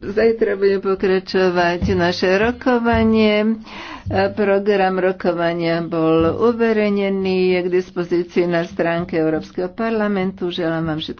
Zajtra bude pokračovať naše rokovanie. Program rokovania bol uverejnený, je k dispozícii na stránke Európskeho parlamentu. Želám vám všetkým.